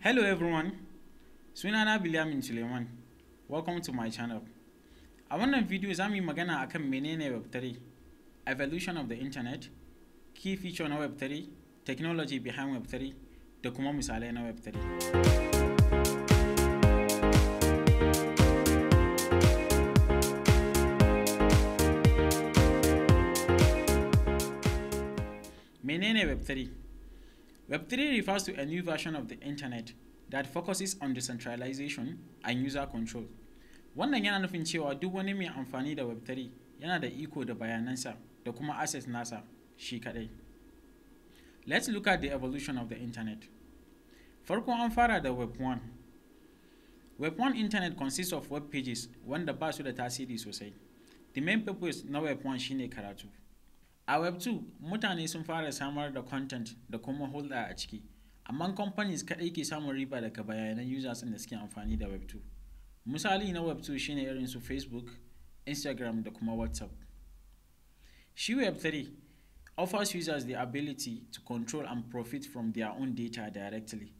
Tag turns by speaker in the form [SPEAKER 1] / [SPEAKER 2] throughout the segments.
[SPEAKER 1] Hello everyone, sunana Bilyamin Suleiman, welcome to my channel. A wannan video za mu yi magana akan menene Web3, evolution of the internet, key feature na Web3, technology behind Web3, da kuma misalai na Web3. Menene Web3? Web3 refers to a new version of the internet that focuses on decentralization and user control. Wannan yana nufin cewa duk wani mai amfani da Web3 yana da iko da bayanansa da kuma assets nasa shi kadai. Let's look at the evolution of the internet. Farko an fara da Web 1. Web 1 internet consists of web pages wanda ba su da tasiri sosai. The main purpose na Web 1 shine karatu. A Web2, mutane sun fara samar da content da kuma hulɗa a ciki, amma companies kaɗai ke samun riba daga bayanan users da suke amfani da Web2. Misali na Web2 shine irin su Facebook, Instagram da kuma WhatsApp. Shi Web3 offers users the ability to control and profit from their own data directly.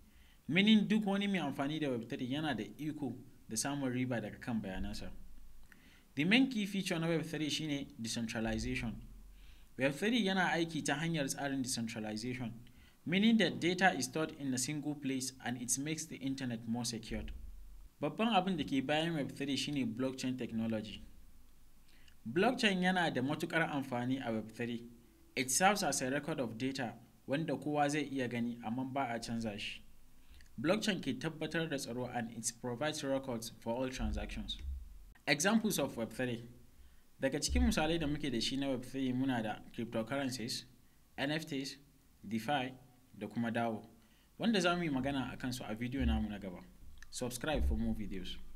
[SPEAKER 1] Meaning duk wani mai amfani da Web3 yana da iko da samun riba daga kan bayanansa. The main key feature na Web3 shine decentralization. Web3 yana aiki ta hanyar tsarin decentralization, meaning that data is stored in a single place and it makes the internet more secured. Babban abin da ke bayan Web3 shine blockchain technology. Blockchain yana da matukar amfani a Web3. It serves as a record of data wanda kowa zai iya gani amma ba a canza shi. Blockchain ke tabbatar da tsaro and it provides records for all transactions. Examples of Web3 daga cikin misalai da muke da shi na web3 muna da cryptocurrencies nfts defi da kuma dao wanda za mu yi magana a kansu a video namu na gaba subscribe for more videos